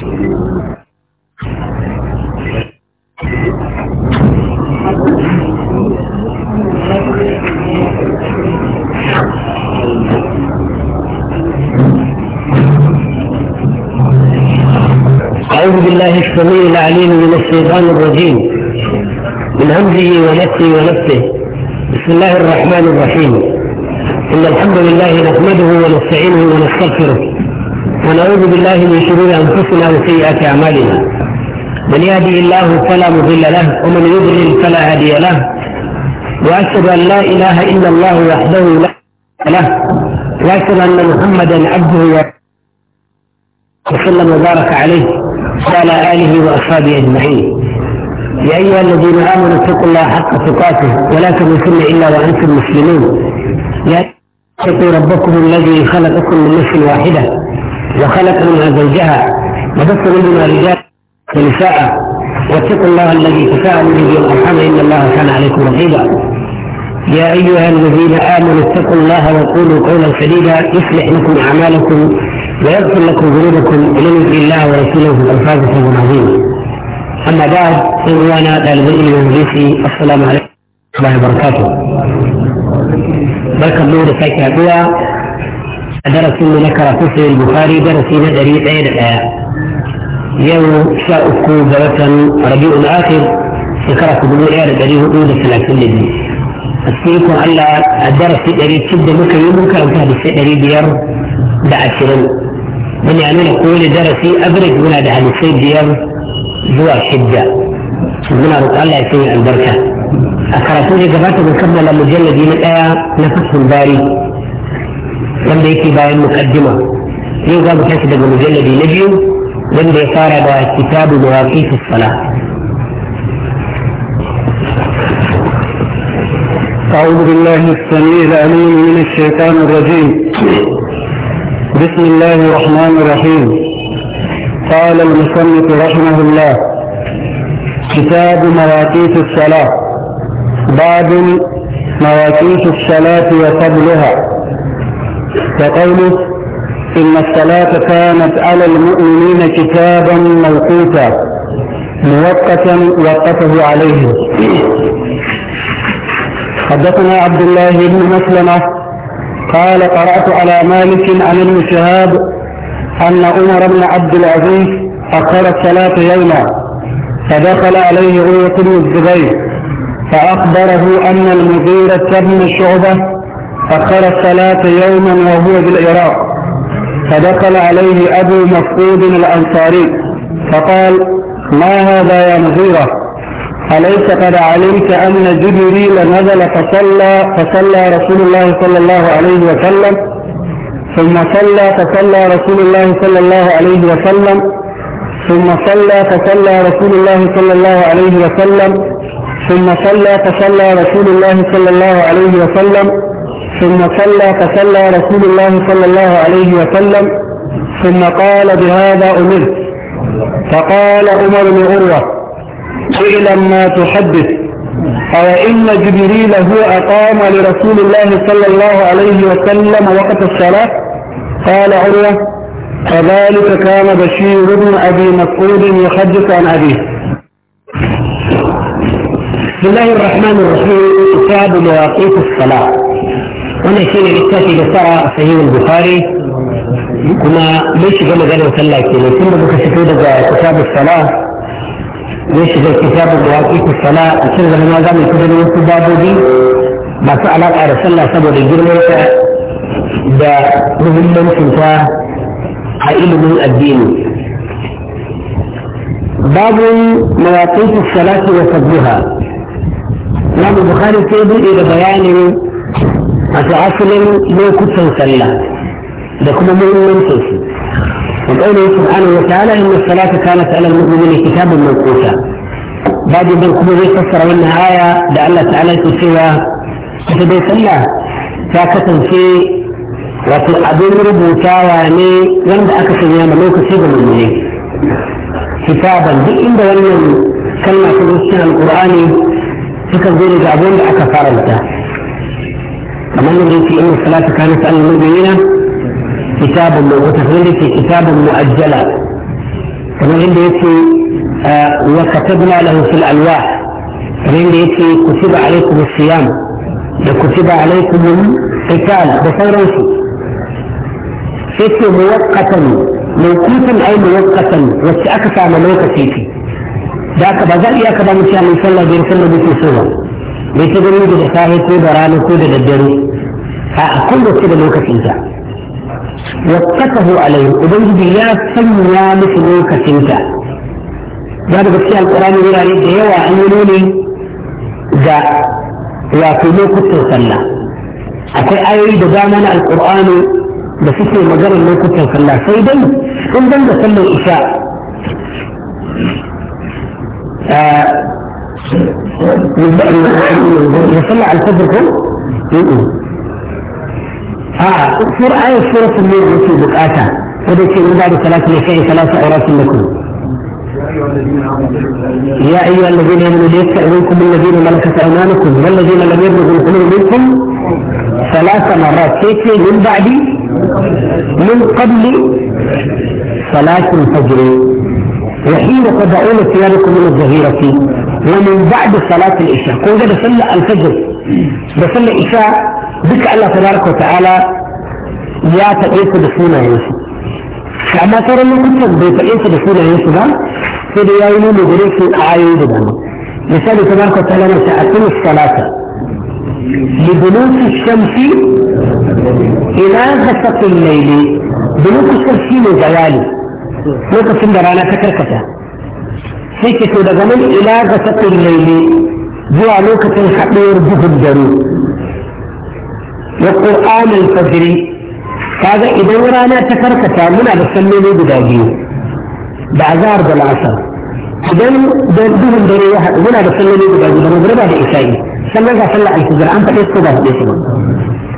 أعوذ بالله السميع العليم من الشيطان الرجيم من همزه ونفسه ونفسه بسم الله الرحمن الرحيم إن الحمد لله نحمده ونستعينه ونستغفره ونعوذ بالله من شرور أنفسنا وسيئات أعمالنا من يهدي الله فلا مضل له ومن يضلل فلا هادي له وأشهد أن لا إله إلا الله وحده لا له وأشهد أن محمدا عبده وسلم وبارك عليه وعلى آله وأصحابه أجمعين يا أيها الذين آمنوا اتقوا الله حق تقاته ولا تموتن إلا وأنتم مسلمون يا اتقوا ربكم الذي خلقكم من نفس واحدة وخلق منها زوجها وبث منهما رجال ونساء واتقوا الله الذي تساءلوا به والارحام ان الله كان عليكم رقيبا يا ايها الذين امنوا اتقوا الله وقولوا قولا سديدا يصلح لكم اعمالكم ويغفر لكم ذنوبكم ومن يطع الله ورسوله في فاز فوزا عظيم اما بعد فانا طالبين المجلسي السلام عليكم ورحمه الله وبركاته بركه النور ساكي هدوء darasin mu na karatu sai bukari darasi na ɗari ɗaya da ɗaya yau sha uku ga watan rabi'ul akhir shekara ta dubu ɗaya da ɗari hudu da talatin da biyu a cikin allah a darasi ɗari cin da muka yi mun karanta da sai ɗari biyar da ashirin wani a nuna kowane darasi average muna da hadisai biyar zuwa shidda muna roƙon allah ya sanya albarka a karatu da gabata mun kammala mujalladi na ɗaya na fasin bari wanda yake bayan mukaddima yau za mu tashi daga mujalladi na biyu wanda ya fara da kitabu sala أعوذ بالله السميع العليم من الشيطان الرجيم بسم الله الرحمن الرحيم قال المصنف رحمه الله كتاب مواقيت الصلاة باب مواقيت الصلاة وفضلها وقوله إن الصلاة كانت على المؤمنين كتابا موقوتا موقتا وقفه عليهم حدثنا عبد الله بن مسلمة قال قرأت على مالك عن ابن شهاب أن عمر بن عبد العزيز أخر الصلاة يوما فدخل عليه عروة بن الزبير فأخبره أن المغيرة بن شعبة أخر الصلاة يوما وهو بالعراق فدخل عليه أبو مفقود الأنصاري فقال ما هذا يا مغيرة أليس قد علمت أن جبريل نزل فصلى فصلى رسول الله صلى الله عليه وسلم ثم صلى فصلى رسول الله صلى الله عليه وسلم ثم صلى فصلى رسول الله صلى الله عليه وسلم ثم صلى فصلى رسول الله صلى الله عليه وسلم ثم صلى فصلى رسول الله صلى الله عليه وسلم ثم قال بهذا أمرت فقال عمر بن عروة اعلم ما تحدث او ان جبريل هو أقام لرسول الله صلى الله عليه وسلم وقت الصلاة قال عروة كذلك كان بشير بن أبي مسعود يحدث عن أبيه بسم الله الرحمن الرحيم كتاب مواقيت الصلاة wannan shi ne littafi da tsara a sahihul bukhari kuma bai shiga maganar sallah ke ne tunda muka fito daga kitabu sala zai shiga kitabu da waƙi sala a cikin zama za mu fito da wasu babobi masu alaƙa da sallah saboda girmanta da muhimmancinta a ilimin addini babu mawaƙi salati wa sabbiha Imam Bukhari sai buɗe da bayanin wato asalin lokutan sallah da kuma muhimmancin su wa qawli subhanahu wa ta'ala inna salata kanat 'ala al-mu'minina kitaban mawquta babu dan kuma zai fassara wannan aya da Allah ta'ala ke cewa ita dai sallah ta kasance wato abin rubutawa ne wanda aka sanya ma lokaci ga mummune kitaban duk inda wannan kalma ta cikin alqur'ani suka zo daga abin da aka faranta kamar yadda yake inna salatu kana ta annal mu'minina kitabun mu wata kamar yake kitabun mu'ajjala kamar yadda yake wa katabna lahu fil alwah kamar yadda yake kutiba alaikum as-siyam da kutiba alaikum al-qital da sauransu sai ce muwaqqatan mawqufan ay muwaqqatan wacce aka samu lokaci ce da ka ba zan iya ka ba mu cewa mun sallah da sallah bai so ba mai ta ganin da safe ko da rana ko da daddare a kullum da lokacinsa wattakahu alaihi ubangiji ya sanya musu lokacinsa za da gaskiya alkurani wurare da yawa an yi nuni ga wato lokutan sallah akwai ayoyi da dama na alkur'ani da suke maganar lokutan sallah sai dai in ban da sallar isha eh, يطلع الفجر كم؟ ها سورة آية سورة الليل التي بقاتها ودك من بعد ثلاث لشيء ثلاث عورات لكم يا أيها الذين آمنوا ليستأذنكم الذين ملكت أيمانكم والذين لم يبلغوا الحلم منكم ثلاث مرات كيف من بعد من قبل صلاة الفجر وحين تضعون ثيابكم من الظهيرة ومن بعد صلاة العشاء كون ده بصلى الفجر بصلى العشاء بك الله تبارك وتعالى يا تقيت بسونا يا يوسف فما ترى من كنت بتقيت بسونا يا يوسف في ديايين مدرك الأعايين بدنا مثال تبارك وتعالى ما سأقيم الصلاة لبنوك الشمس إلى غسق الليل بنوك الشمس من زوالي lokacin da rana ta karkata sai ke to daga nan ila ga sakin laili zuwa lokacin haɗuwar duhun dare wa qur'anul fajr kaga idan rana ta karkata muna da salloli guda biyu da azhar da asar idan da duhun dare ya haɗu muna da salloli guda biyu da magriba da isha'i sannan ga sallar alfajr an faɗe su ba faɗe su ba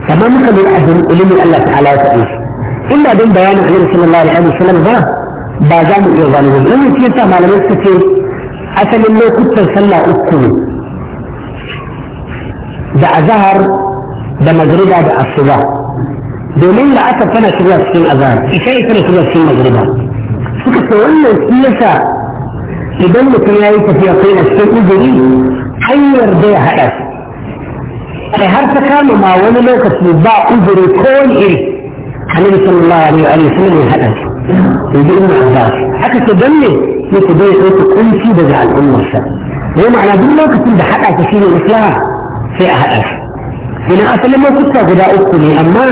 kamar muka bi a ilimin Allah ta'ala ya faɗe su inda don bayanin Annabi sallallahu alaihi wasallam ba ba za mu iya zane wani wani shi yasa malamai suka ce asalin lokutan sallah uku ne da azahar da magriba da asuba domin da aka fana shiga cikin azahar isha ita da shiga cikin magriba suka ce wannan shi yasa idan mutum ya yi tafiya kai na cikin uzuri hanyar da ya haɗa shi kai har ta kama ma wani lokaci ba uzuri ko wani iri annabi sallallahu alaihi wa sallam ya haɗa shi يجي ابن عباس حكى تدلي دي يكو كل شيء بجع الأمة السنة هو معنى دي لو كنت بحقا تشيني الإسلام في أهل إن أصلا ما كنت غدا أكتني إيه، أما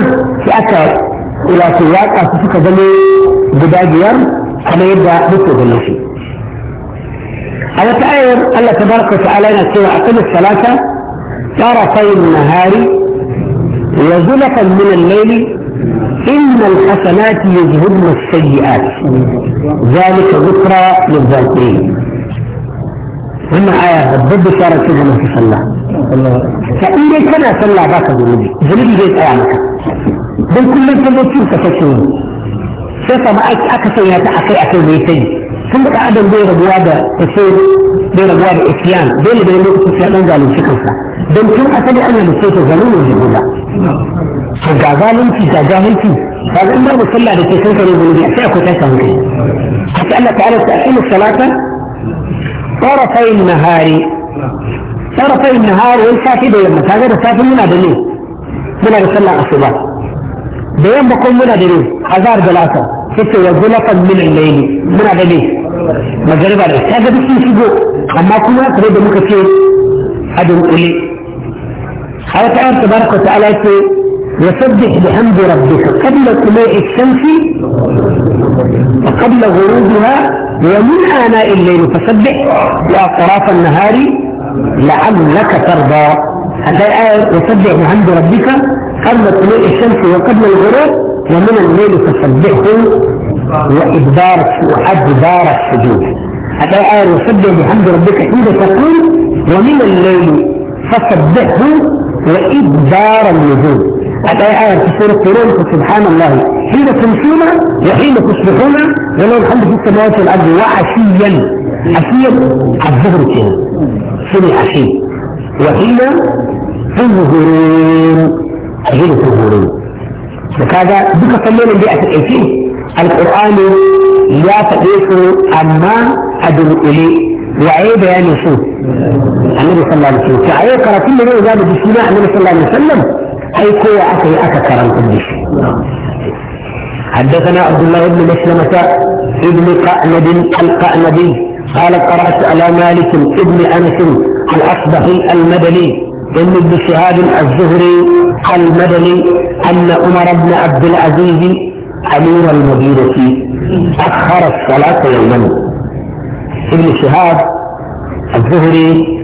في أكا إلى سواك أصفك دلي غدا جير يبدأ بكو بالنسي على تآير الله تبارك وتعالى سوى أقل الصلاة طرفي النهار وزلفا من الليل إن الحسنات يذهبن السيئات ذلك ذكرى للذاكرين وإن آية ضد شارع في جنة صلى فإن كان صلى ذاك الذنوب ذنوب جيد آية بل كل من تنظر كيف تفشون سيطة ما أيك أكثر يهتا أكي أكي ميتين ثم كأدم بير بوابة تسير بير بوابة إتيان بير بير بوابة إتيان أنزل من شكل فلا بل كل أسلي أنا نسيت ذنوب الجنوب to ga zalunci ga jahilci ba zan ba musalla da ke kan kare zunubi sai akwai tashin hankali haka Allah ta'ala ta aqimu salata tarafai nahari tarafai nahari wani safi da yamma kaga da safi muna da ne muna da sallar asuba da yamma kuma muna da ne azhar da lasa sai wa zulafan min al-layli muna da ne magariba da kaga duk sun shigo amma kuma kare da muka ce a dunkule حياة الله تبارك وتعالى يسبح بحمد ربك قبل طلوع الشمس وقبل غروبها ومن آناء الليل فسبح وأطراف النهار لعلك ترضى هذا الآية يسبح بحمد ربك قبل طلوع الشمس وقبل الغروب ومن الليل فسبحه وإدبار وأدبار السجود هذا الآية يسبح بحمد ربك حين تقول ومن الليل فسبحه وإدبار النجوم الآية آية في سورة قرون سبحان الله حين تمشون وحين تصبحون ولو الحمد في السماوات والأرض وعشيا عشيا الظهر كده سنة عشية وحين تظهرون حين تظهرون وكذا بك صلينا بيئة الأيتين القرآن لا تقيسه أما أدعو إليه وعيه بيان يعني شو النبي صلى الله عليه وسلم وعيه كراتين من إذا بجسنا النبي صلى الله عليه وسلم أي قوة أكي أكا كرام قدش حدثنا عبد الله بن مسلمة ابن قأند القأندي قال قرأت على مالك ابن أنس الأصبحي المدني ابن ابن شهاب الزهري المدني أن عمر بن عبد العزيز أمير المدينة أخر الصلاة يوما ابن شهاب الزهري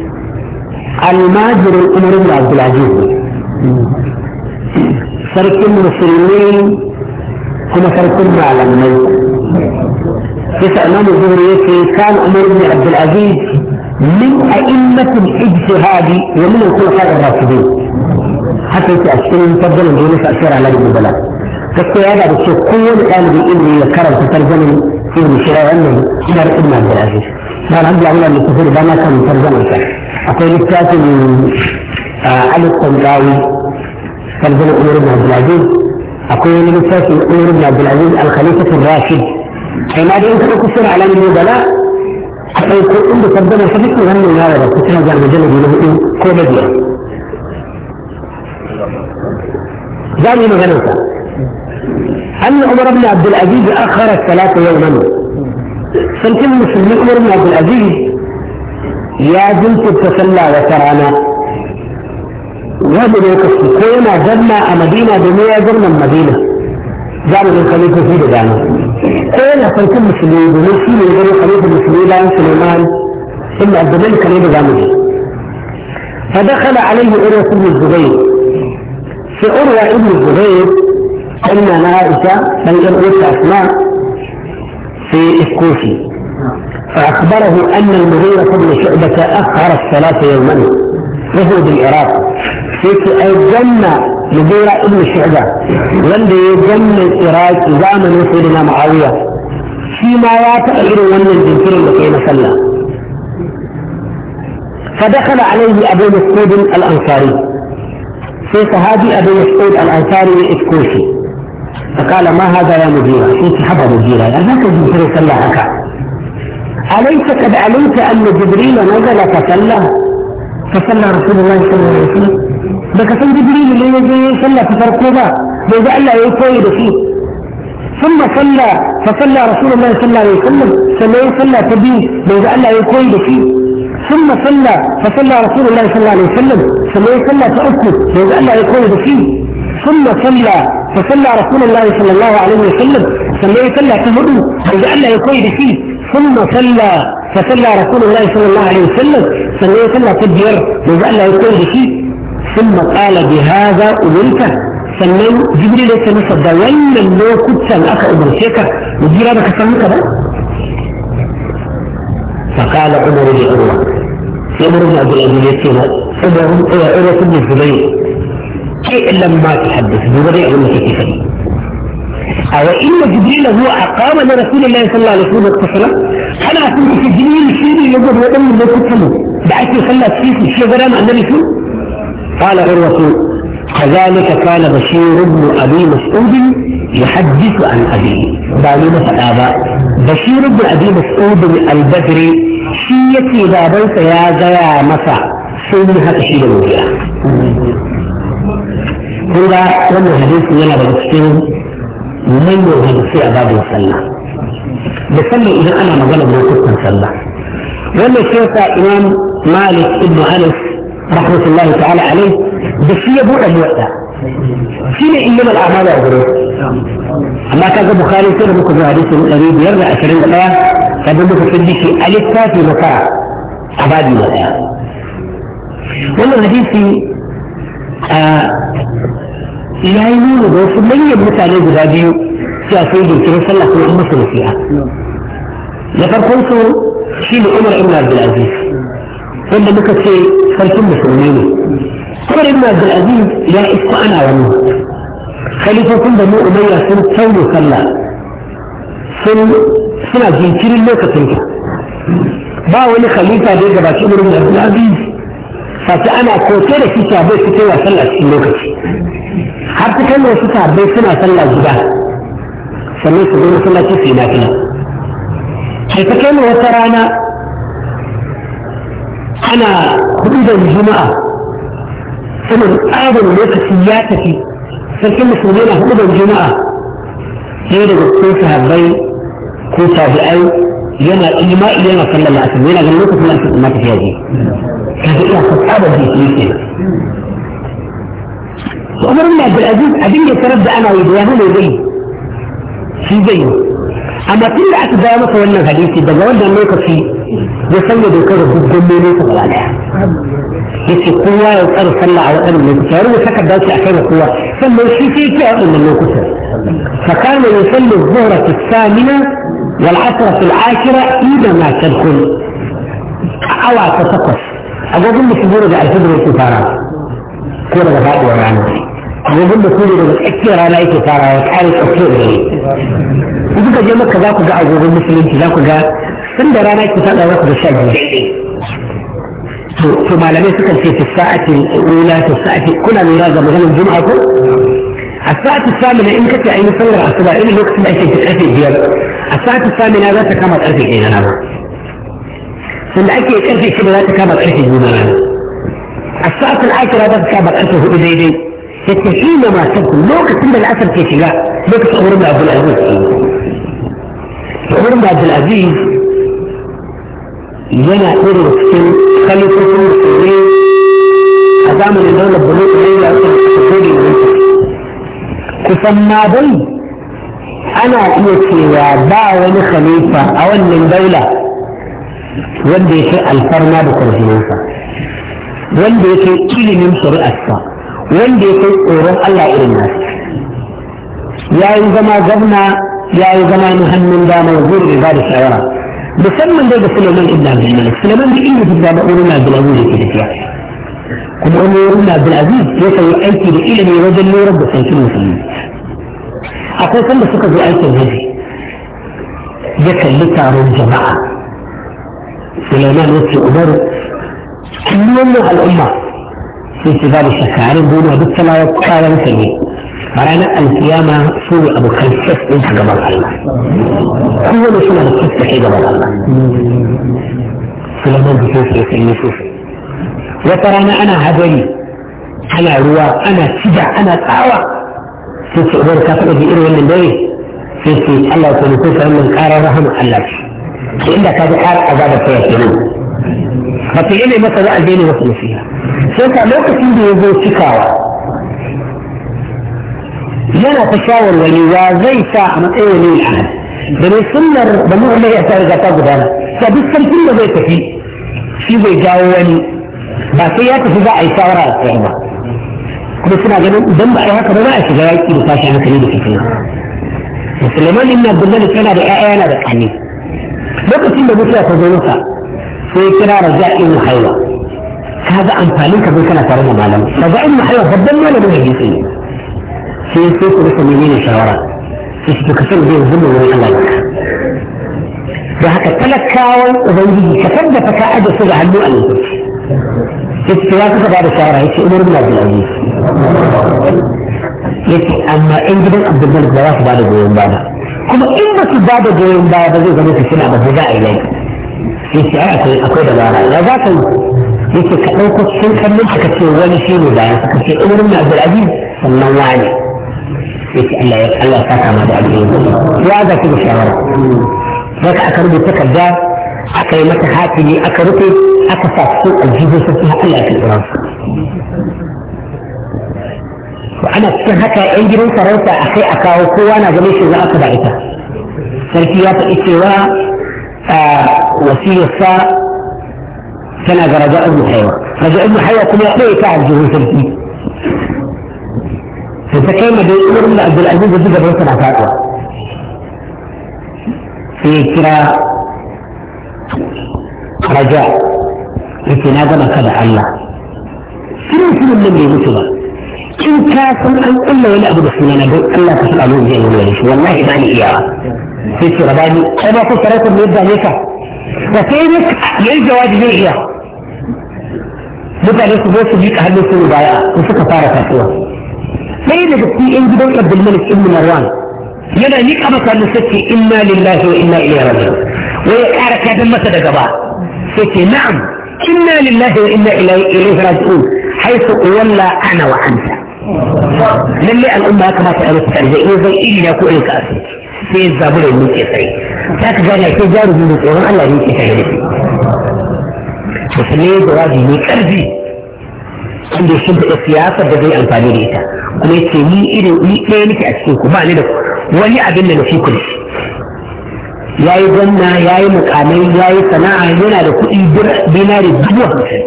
الماجر الامر بن عبد العزيز سرق من السلمين كما سرق من على الميت يسأل الزهري كان امر بن عبد العزيز من أئمة الاجتهاد ومن الخلفاء الراشدين حتى يكي أشكالهم تفضل أن يلف أشير على ابن بلاد فكي هذا الشيء كل قال بإني كرم تترجمني في المشروع عنه إلى ابن عبد العزيز ما رد لنا لكثير بنا كان ترجمة أقول الكاتب آه، علي الطنطاوي ترجمة أمير بن عبد العزيز أقول الكاتب أمير بن عبد العزيز الخليفة الراشد حينما أنت تكسر على النبلاء akwai ko inda sabbin sa duk wannan yara da kuma ga majalabi na hudu ko na biyar za أن عمر بن عبد العزيز أخر الثلاثة يوما sarkin musulmi umar bin abdulaziz ya jinkirta sallah wata rana wani lokaci ko yana zanna a madina domin ya zanna madina zamanin khalifofi da dama ko yana sarkin musulmi domin shi ne gani khalifin musulmi bayan suleiman ibn abdulmalik ne da zamani فدخل عليه عروة بن الزبير في عروة بن الزبير أن عائشة بين عروة أسماء في الكوفي فأخبره أن المغيرة بن شعبة أخر الصلاة يوما وهو بالعراق في الجنة مغيرة بن شعبة لم يجن العراق iraki zamanin sayyidina muawiya shi ma ya taɓa irin wannan فدخل عليه أبو مسعود الأنصاري في صحابي أبو مسعود الأنصاري الكوفي فقال ما هذا يا مديرة إيه حبا مديرة لا تجد تريد صلى هكا أليس قد علمت أن جبريل نزل فصلى فصلى رسول الله صلى الله عليه وسلم بك سن جبريل اللي نزل يصلى في با بيجا الله يقوي فيه ثم صلى فصلى رسول الله صلى الله عليه وسلم ثم صلى تبيه بيجا الله يقوي فيه ثم صلى فصلى رسول الله صلى الله عليه وسلم ثم صلى تأكد بيجا الله يقوي فيه ثم صلى فصلى رسول الله صلى الله عليه وسلم صليت صلى تهدو لئلا يقيد فيه ثم صلى فصلى رسول الله صلى الله عليه وسلم صليت صلى تجير لئلا يقيد فيه ثم قال بهذا أمرك سنن جبريل سنسى وين لو كنت سنأك أمر شيكا مجيرا بك سنك ده فقال عمر بن عمر عمر بن عبد العزيز يتينا عمر بن عمر بن لم لما تحدث بوضع علمك كيف أو إن جبريل هو أقام لرسول الله صلى الله عليه وسلم اتصل أنا أقول جبريل شيري يجب هذا من لو بعد يخلى فيك شيء غير ما النبي قال الرسول كذلك كان بشير بن أبي مسعود يحدث عن أبيه باني مثلا بشير بن أبي مسعود البدري شيتي يتي بابنك يا مسع مسا سنها تشير الوجه kun ga wannan hadisi yana daga cikin manyan hadisi a babin sallah musamman idan ana magana lokutan sallah wannan shi yasa imam malik ibn anas rahmatullahi ta'ala alai da shi ya buɗe muwadda shi ne inna al'amala a gurin amma kaga bukhari sai da muka zo hadisin ɗari biyar da ashirin da ɗaya kada muka tsindi shi a littafi na fara a babi na ɗaya wannan hadisi ya yi nuna da wasu manyan mutane guda biyu cewa sun jinkirin sallah kuma an masu nasiha na farkon su shi ne umar ibn abdulaziz wanda muka ce sarkin musulmi ne umar ibn abdulaziz ya isko ana wannan khalifofin da mu umayya sun taune sallah suna jinkirin lokacin ta ba wani khalifa da ya gabaci umar ibn abdulaziz fata ana koke da shi bai fitowa sallah cikin lokaci har ta kai wasu sahabbai suna sallah guda sannan su zo masallaci su yi nafila sai ta kai wata rana ana hudu da juma'a sanin tsarin lokaci ya tafi sarkin musulmi na hudu da juma'a sai daga cikin sahabbai ko tabi'ai yana imai yana sallar la'asar yana ganin lokacin la'asar ma tafiya je kaga iya fasa da jiki kenan وعمر بن عبد العزيز أبي يتنبأ أنا وإبراهيم وإبراهيم في بين أما كل عتبة ما فعلنا هذه إذا جوال دم يقف في في ذكر الدم يقف على بس القوة يقر صلى على أمر من كثير وسكت دوتي أخير القوة ثم يشي في كي أمر من كثير فكان يصلي الظهرة الثامنة والعصرة العاشرة إذا ما تدخل أو أتتقف أقول لك الظهرة بعد الظهرة الثامنة ko daga faɗuwar rana amma duk da kuri daga tsakiyar rana yake fara ya kare tsakiyar dare in kuka je maka za ku ga agogon musulunci za ku ga tun da rana ke faɗa za ku ga sha biyu to malamai suka ce fi sa'ati ula fi sa'ati kuna lura ga maganar juma'a ko a sa'ati samina in kace ayi sallar asuba irin lokacin da ake karfe biyar a sa'ati samina za ta kama karfe ɗaya na rana sanda ake karfe shida za ta kama karfe biyu na rana الساعه العاشره هذا كتاب كتبه اليدين يتحين ما سبق لوك تم الاثر في شلاء لوك تقول ابن عبد العزيز تقول عبد العزيز ينا قول السن خليفه المسلمين أدام لدولة بلوك ليلة أصدقائي كفما بي أنا إيكي وعباء ونخليفة أولي الدولة ودي شيء الفرما بكرة جنوفة wanda yake ilimin shari'arsa wanda yake tsoron Allah irin nasa ya yi zama gwamna ya yi zama na hannun dama zuwa da da shawara musamman dai da Sulaiman ibn Abdul Malik Suleiman da ilimin da Umar Abdul Aziz yake da tafiya kuma Umar ibn Abdul Aziz ya kai aiki da ilimi wajen lura da sarkin musulmi akwai san da suka zo aikin haji ya kalli taron jama'a Sulaiman ya ce Umar كلنا الأمة في انتظار الشفاعة نقول وبالتلا وقال مسلمين فرانا القيامة سوء أبو خلفة انت قبل الله كل سوء أبو خلفة قبل الله سلمان بسوسي يسلم سوسي وترانا أنا هدري أنا روا أنا سجع أنا قاوة في سؤال كفر بإيرو من دوي في الله يكون كفر من قارة رحمه الله إلا كذا قارة أزاد فيها ba ta yi masa za a daina masa nasiha sai ka lokacin da ya zo cikawa yana ta shawarwari wa zai sa a matsayin wani yana da mai sunnar da muhammad ya tsari gata gudana ta duk sarkin da zai tafi shi bai jawo wani ba sai ya tafi za a yi shawara a tsaye ba kuma suna ganin idan ba a yi haka ba za a shiga yaƙi da tashi hankali da fitina musulman ibn abdullahi yana da 'ya'ya yana da ƙani lokacin da mutuwa ta zo masa كرار زائم حيوة هذا أنفالك في كنا ترى ما لم زائم حيوة بدل ما لم يجلسين في سوق بسميين شوارع في سوق سوق بين زمن من الله لك بهذا كلك كاوي وبنجي كتبنا فكأج سجع المؤلف استواك فبعد شوارع يسي أمر الله بالعزيز يسي أما إنجل عبد الملك بواس بعد جوين بعد كما إنك بعد جوين بعد زي زمان في سنة بزجاء إليك yace ai akwai akwai dabara ya za ka yi yace ka ɗauko cikin kallon ka ce wani shi ne bayan ka ce umarin na abdulaziz sannan wani yace Allah ya Allah ya saka ma da alheri ya ga ki shawara zaka aka rubuta takarda aka yi mata hatimi aka rufe aka sa cikin aljihu sai Allah ya karɓa ana cikin haka yan gidan sarauta a kai a kawo kowa na ganin shi za a da ita sarki ya faɗi cewa وسيلة تنادى رجاء ابن حيوة رجاء ابن حيوة كل يقول إيه تعب جهود الدين فكان بيقول عبد العزيز بن بيت العفاء في كرا رجاء يتنادى ما كان الله سنو سنو من اللي يقول إن كاسم أن إلا ولا أبو رسول أنا ألا تسألون زي ما والله ما لي إياه في الشرباني أنا كنت رأيت يبدأ يكه وكيفك يجي واد جيجا لذا لك بوس جيك أهل السنة بايا وفك فارة فاتوا سيدك في إنجي بوك عبد الملك إم مروان ينا نيك أما كان نسكي إما لله وإما إليه رجل ويكارك هذا المسد قبا سيكي نعم إما لله وإما إليه رجل حيث أولى أنا وأنت للي الأمة كما تعرف ترجع إذا إلي يكون الكاسي في الزابر المتسعي za ka gane sai jarumi da tsoron Allah ne ke tare da shi musulmi da wajibi ne karfi ya shi da siyasa da zai amfani da ita kuma ce ni irin ni ɗaya nake a cikin ku ba ni da wani abin da na fi ku da ya yi gwamna ya yi mukamai ya yi sana'a yana da kuɗi dinari dubu hamsin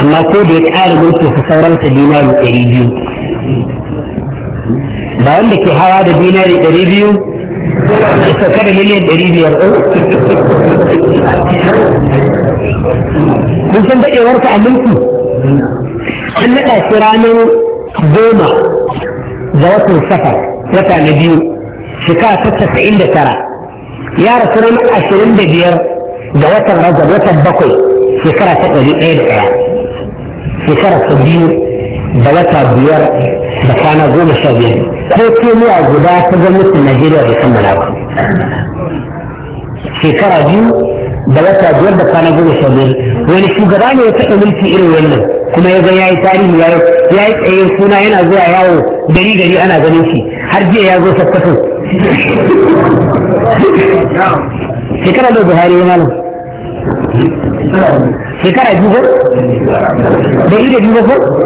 amma ko da ya ƙara mulki su sauransa dinari ɗari biyu ba wanda ke hawa da dinari ɗari biyu ka kada miliyan ɗari biyar ɗin kun san daɗewar ka a mulki an naɗa shi ranar goma ga watan safar wata na biyu shekara ta casa'in da tara ya rasu ranar ashirin da biyar ga watan rajab watan bakwai shekara ta ɗari ɗaya da ɗaya shekara ta biyu da wata biyar da kwana goma sha biyar ko kemiya guda ta gwamnatin najeriya da kammala ba shekara biyu da wata biyar da kwana goma sha biyar wani shugaba ne ya taɓa mulki irin wannan kuma ya ga ya yi tarihi ya yi tsaye suna yana zuwa yawo gari gari ana ganin shi har jiya ya zo sakkwato shekara da buhari ya malam shekara biyu ko da ida biyu ko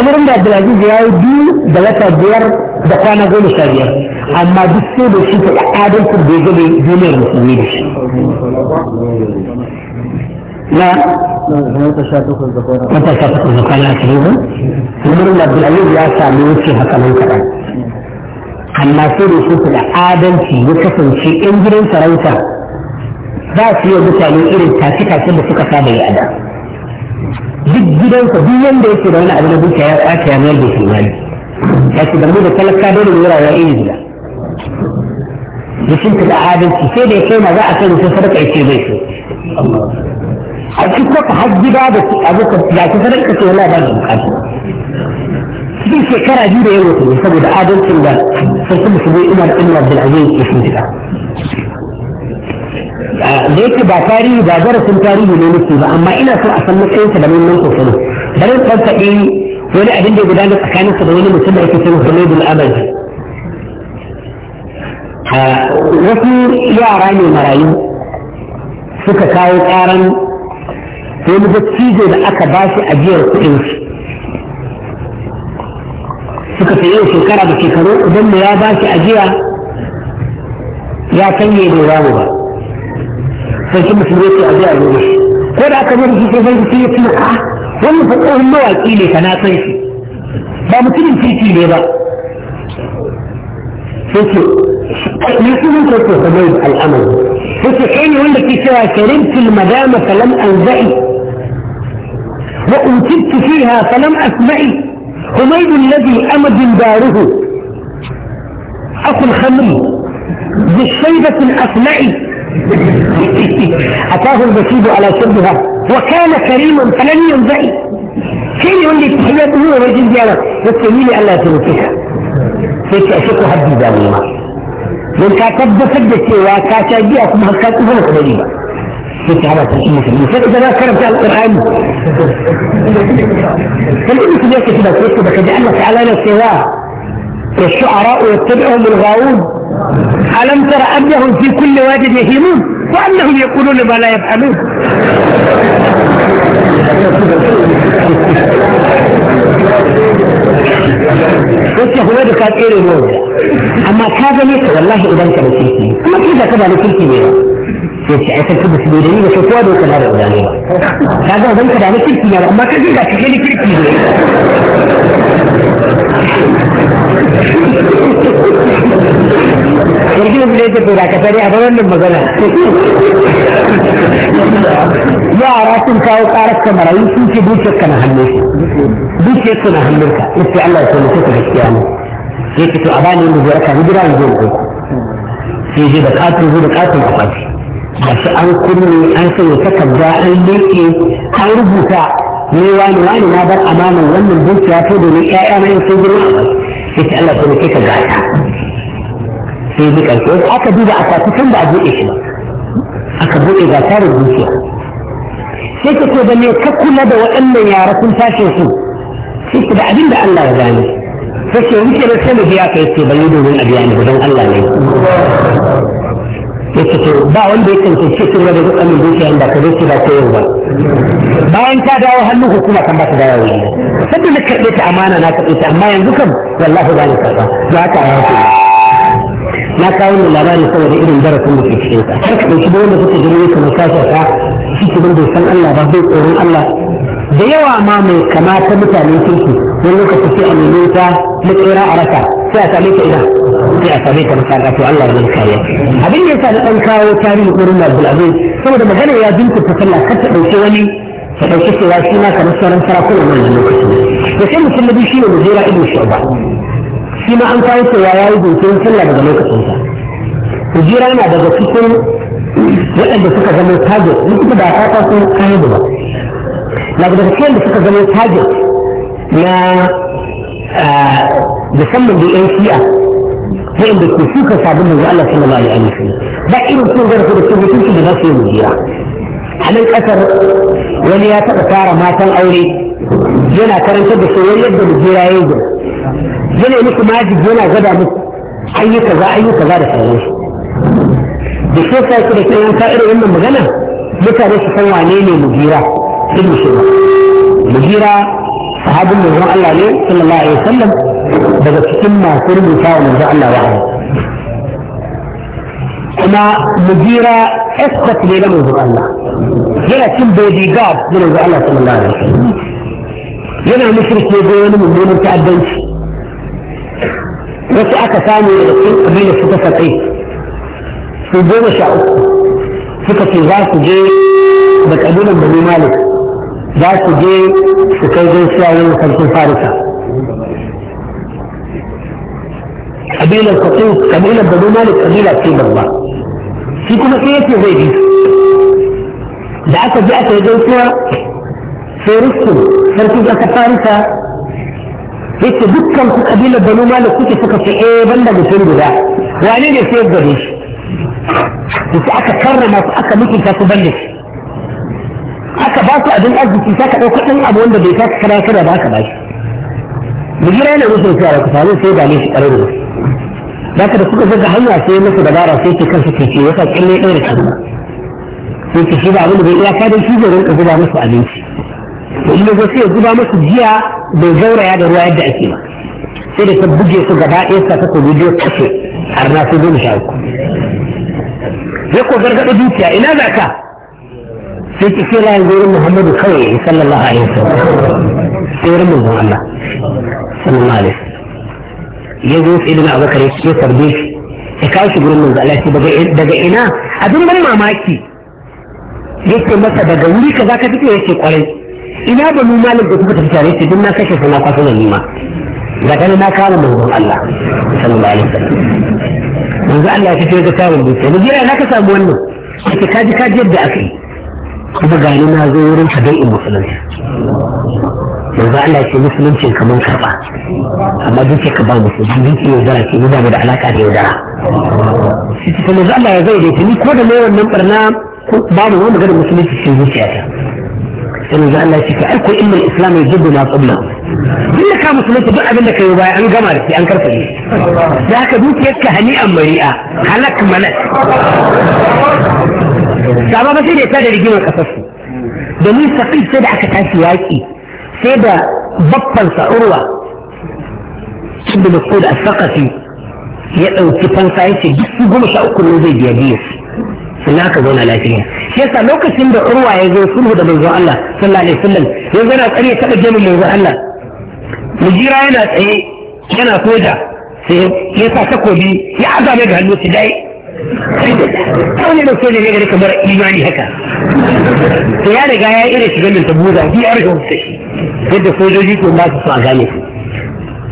umarin da abdulaziz ya yi biyu da wata biyar da kwana goma sha biyar amma duk sai da shi ta adalcin da ya gabe duniyar musulmi da shi na wata sha takwas da kwana da abdulaziz ya wuce haka nan kaɗan amma sai da shi ta adalci ya kasance 'yan gidan sarauta ba su yi mutane irin tafi-tafin da suka saba yi a da duk gidansa duk wanda yake da wani abu na dukiya ya kwace ya mayar da shi mali ya ce da mu da talaka dole mu rawa iri gida mutum da adalci sai da ya kai ma za a kai mutum sadaka ya ce zai so a cikin kwaka har gida da abu da ta sadaka ce wala ba da bukatu cikin shekara biyu da ya mutu saboda adalcin da sai su musulmi umar ibn abdulaziz ya shi gida da yake ba tarihi ba darasin tarihi ne nufi ba amma ina so a san matsayinsa da muhimman kokoro bari in ɗan faɗi wani abin da ya gudana tsakaninsa da wani mutum da ake cewa Humaydul Abadi wasu yara ne marayu suka kawo ƙaran wani dattijo da aka ba shi ajiyar kuɗin suka sayi shekara da shekaru idan mu ya ba shi ajiya ya sanye da ramu ba فيتم في الوقت أداء الروح فرع كبير في كبير في يطلقها ومن فتوه النوع الإيلي تناسي ما بتنين في كي ليبا فتو يسمى فتو تبعيد الأمل فتو حين يقول لك سوى كريم في المدامة فلم أنزعي وأنتبت فيها فلم أسمعي حميد الذي أمد داره أخو الخمر بالشيبة الأسمعي أتاه المسيب على سرها وكان كريما فلم ينزعي كان يقول لي التحيات هو ويجي زياره أنا يتسمي لي ألا تنسيها فيك أشكو حد داني ما من كاتب بسد السيوة كاتب بي أصبح كاتب هنا قدريبا فيك أنا تنسيها فيك أنا كرمت على القرآن فالإنس يكتب كده فيك بك جعلنا سعلانا السيوة والشعراء يتبعهم الغاوون ألم ترى أنهم في كل واد يهيمون وأنهم يقولون ما لا يفعلون قلت له ماذا كان إيري أما كذا ليس والله إذا انت نسيتني أما كذا كذا نسيتني to shi aikar da su da ni ba sai kowa da wata da udane ba ka ga zan da na kirki na amma ka ga kike kirki ne jirgin ne ke da ka sani a wannan magana yara sun kawo karar kamarayi sun ce dukiyar ka na hannun su dukiyar ka na hannun ka sai Allah ya tsaye ka gaskiya ne sai ki to a bani mu ziyara ka mu jira mu sai je da katin zo da katin a kwaci da an kunne an sanya takarda an leke an rubuta ne wani wani na bar amanan wannan dukiya da domin ƴaƴa na yin sun girma sai ta Allah kuma sai ka gata sai ya karfe aka duba a kasuwan da a buɗe shi ba aka buɗe ga tarin dukiya sai ka ce da me ka kula da waɗannan yara kun tashe su sai ku da abin da Allah ya gani sai ce wuce da sai mu biya ka yace ban yi domin a biya ni don Allah ne ya ce to ba wanda ya cancanci su da dukkanin dukiya da ka zai ba ko yau ba bayan ta dawo hannu hukuma kan ba ta dawo ne sabbin na karɓe ta amana na karɓe ta amma yanzu kam wallahi ba ni karɓa za ka yi hankali na kawo ni labari saboda irin darasin da ke cikin sa har ka ɗauki da wanda suke gani kamar sasha ta shi ke bai san Allah ba bai tsoron Allah da yawa ma mai kamata mutane sun wani lokaci sai a nemi ta na tsira a raka sai a same ta ina sai a same ta masaka to Allah ya bani kariya abin da yasa da dan kawo tarihi ko rumar bulabu saboda magana ya binta ta sallah kar ta dauke wani ta dauke cewa shi ma kamar sauran sarakunan wannan lokacin to sai mutum na biyu shine Mujira ibn Shu'ba shi ma an kawo cewa yayi dokin sallah daga lokacin sa Mujira yana daga cikin waɗanda suka zama target ni kuma da ta kawo kayan da ba na daga cikin da suka zama target na musamman da yan shi'a sai da ke shuka sabon manzo Allah sallallahu alaihi wa sallam ba irin sun zarafi da sun mutunci da za su yi mujira a nan kasar wani ya taɓa tara matan aure yana karantar da su wani yadda mujira ya yi yana yi musu majik yana gada musu an yi kaza an yi kaza da sauransu da shi sa su da ke yanka irin wannan magana mutane su san wane ne mujira ibn shaiba mujira sahabin manzon Allah ne sallallahu alaihi wa sallam daga cikin masu rubuta wa manzo Allah wahayi kuma mujira expert ne na manzo Allah yana cin bodyguard na manzo Allah sallallahu alaihi wasallam yana mushrike ga wani mummunan ta'addanci wasu aka samu da cikin kabilar suka sakai su goma sha uku suka ce za su je da kabilar bani malik za su je su kai gaisuwa wani sarkin farisa kabilar kwatin kabilar banu malik kabila ce babba shi kuma sai yake zai bi da aka ji aka yi gaisuwa sai rukun sarkin aka farisa yake dukkan ku kabilar banu malik kuke suka ce eh banda mutum guda wane ne sai gare shi da aka karrama su aka mutunta su banda shi aka ba su abin arziki sai ka ɗauka ɗan abu wanda bai kasa kara kara ba ka ba shi bugira yana musu rufiya da kusa sai da ne shi ƙarar da da ka da kuka zaga hanya sai masa dabara sai ke kansa ke ce yasa kyalle ɗaya da kanna sai ke shi ba abin da bai iya kada shi zai rinka zuba musu abinci to in yanzu sai ya zuba musu jiya bai zauraya da ruwa yadda ake ba sai da ta buge su gaba ɗaya sa ta ko bidiyo kashe har na sai goma sha uku ya ko gargaɗa dukiya ina za ka sai ki kira yanzu wurin muhammadu kawai sallallahu alaihi wasallam sai wurin zuwa Allah sallallahu alaihi ya zo sai da Abu Bakar ya ya kawo shi gurin Allah daga ina abin ban mamaki yake masa daga wuri kaza ka fito yake kwarai ina ba mu malin da kuka tafi tare yace duk na kashe sana kwasa da nima ga kana na kawo manzon Allah sallallahu alaihi wasallam Allah ya fito ya ga tarin dutse ne jira na ka samu wannan ka ji ka yadda da yi kuma ni na zo wurin ka don in musulunci yanzu Allah ce musulunci kamar karba, amma duk ka ba musulunci duk ya zara ce ba da alaka da yaudara shi ta yanzu Allah ya zai da ni ko da mai wannan barna babu wani magana musulunci cikin zuciyata sai manzo Allah ya ce ai ko inna al-islam yajibu na qabla duk da ka musulunci duk abin da kai baya an gama da shi an karfafe da haka dukiyarka hani'an mari'a halak malak gaba ba sai da ta da rigimar kasarsu domin safi sai da aka tashi yaƙi sai da babban sa'urwa sun da masu da asakafi ya ɗauki fansa ya ce duk goma sha uku ne zai biya biyu sun aka zauna lafiya shi yasa lokacin da urwa ya zo sulhu da manzon Allah sallallahu alaihi wasallam ya zana tsare ya taɓa gemin manzon Allah mujira yana tsaye yana soja sai ya sa takobi ya azabe ga hannu shi dai wani da soja ne gari kamar imani haka to ya riga ya irin shigar da tabuza bi a rikin ta shi yadda sojoji ko ba su so a gane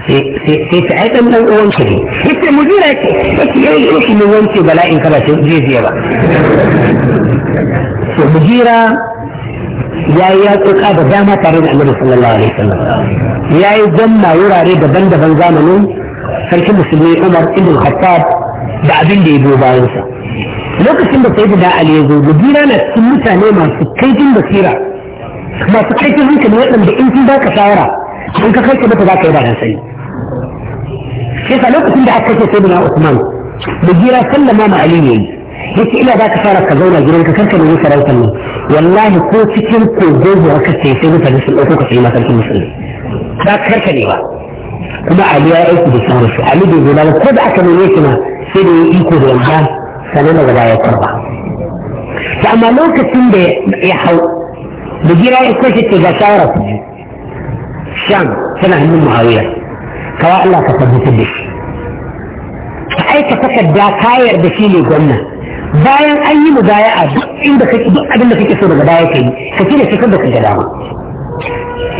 sai ta aikan dan uwan ne yace mu jira ce yace yau yau shi mun wance bala'in ka ba sai jiya ba to mu jira ya yi yaƙoƙa da dama tare da annabi sallallahu alaihi wasallam ya yi gwamna wurare daban-daban zamanin sarkin musulmi umar ibn khattab da abin da ya zo bayansa lokacin da sai da ali ya zo madina na cikin mutane masu kaifin basira masu kaifin hankali waɗanda in sun baka shawara in ka kai mata za ka yi ba sani sai lokacin da aka kashe sai da usman madina sallama ma ali ne yace ina za ka fara ka zauna gidan ka karka ne sarautar nan wallahi ko cikin kogo zuwa aka ce sai mutane sun ɗauko ka sai masarkin musulmi ba ka karka ne ba kuma ali ya aiki da sauransu ali bai zo ba ko da aka nuna shi ma sai da ya iko da yamma sannan daga baya karba da amma lokacin da ya hau da gira ya kwashe ce ga shawara su ji sham hannun muhawiya kawa Allah ka tabbatar da shi ka aika takarda kayar da shi ne gwamna bayan an yi mubaya'a duk inda kake duk abin da kake so daga baya kai ka da shekar da ka ga dama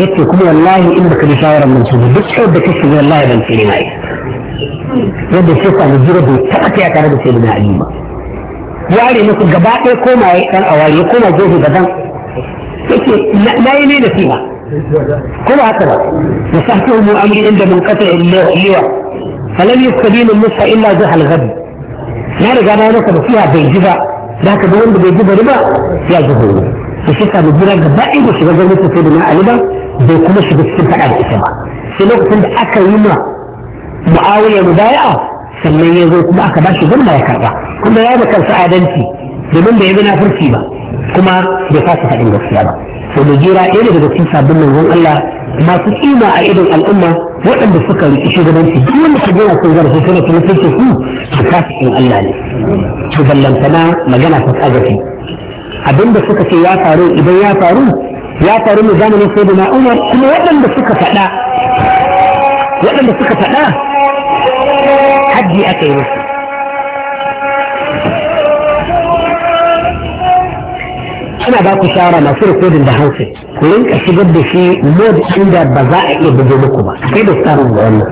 yace kuma wallahi in baka bi shawarar mun duk sai da kake wallahi ban kire mai yadda shi sa jira bai taɓa taya tare da sai da ali ba ware musu gaba ɗaya koma ya ɗan awari ya koma gefe gaban yake na yi ne da fiha kuma haka ba da sahto mu amri inda mun kasa liwa falam yustadinu musa illa zuhal ghabi na riga na masa da fiha bai ji ba da haka wanda bai ji bari ba ya ji horo da shi sa jira gaba ɗaya da shiga gwamnati sai da na ali ba bai kuma shiga cikin faɗa da ita ba sai lokacin da aka yi ma mu'awiya mubaya'a sannan ya zo kuma aka bashi gwamna ya karba kuma ya da kansa adalci domin bai yi nafurci ba kuma bai fasa faɗin gaskiya ba to da jira ɗaya ne daga cikin sabbin manzon Allah masu kima a idon al'umma waɗanda suka riƙi shugabanci duk wanda ka gina sun zarafi suna kuma sai ce ku su fasa in Allah ne to ballantana magana ta tsagafi abinda suka ce ya faru idan ya faru ya faru ne zamanin sai da na'umar kuma waɗanda suka faɗa waɗanda suka faɗa تعدي أكي مسلم أنا باكو سارة ما فيه قود إن دهوسي كلين كسيجد في مود عند بزائق بجنكوبا كيف استارة مغنى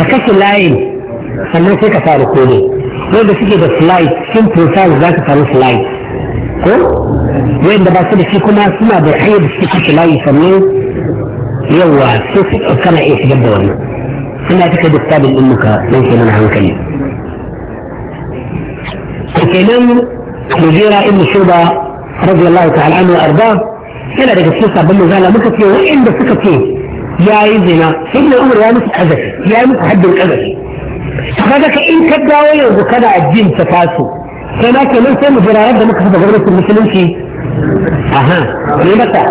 تكسي لاين فلن سيكا سارو كوني كود سيكي ده سلايت سيمتو سارو ذاك سارو سلايت كون وين ده باسد في كنا سما بحيد سيكي سلايت فمين يوا سيكي كنا إيه سيجد مغنى سمعتك بكتاب امك ليس لنا عن كلمه الكلام مجيرة ابن شوبة رضي الله تعالى عنه وارضاه كان رجل السلطة بمزالة مكتية وإن بسكتية يا إذن ابن عمر يا نسك عزفي يا نسك حد الأزفي فذلك إن كدى ويوض كدى الدين تفاسو كان أكي من سيما جرى رب مكتية بغرية المسلمين في أها لمتى